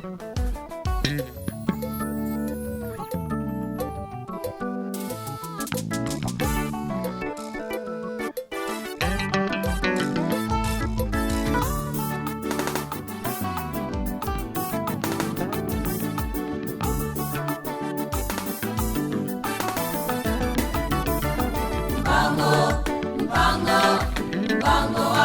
Bongo, bongo, bongo.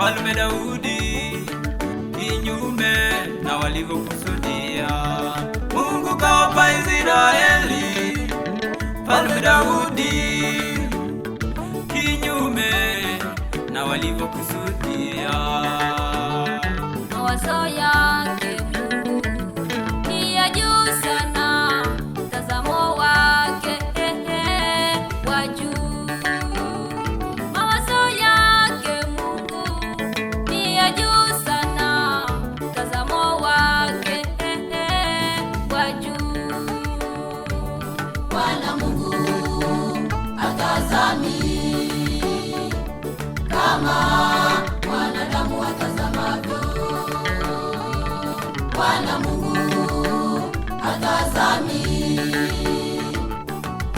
Mfalme Daudi kinyume na walivyokusudia. Mungu kawapa Israeli Mfalme Daudi kinyume na walivyokusudia mawazo yake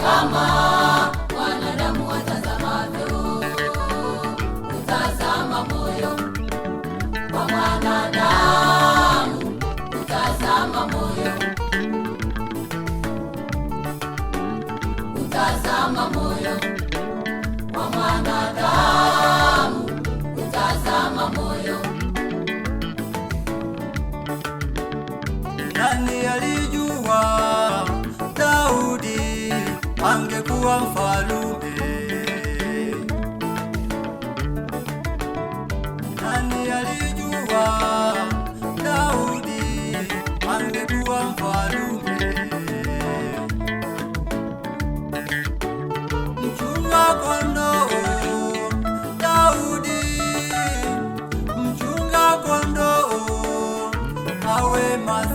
kama wanadamu watazamavyo, utazama moyo wa mwanadamu, utazama moyo, utazama moyo wa mwanadamu.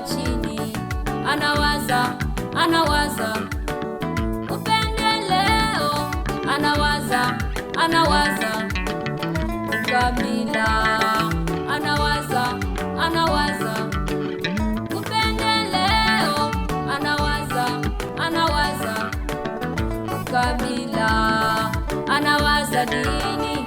chini, anawaza anawaza, upendeleo, anawaza anawaza, ukabila, anawaza anawaza, upendeleo, anawaza anawaza, ukabila, anawaza dini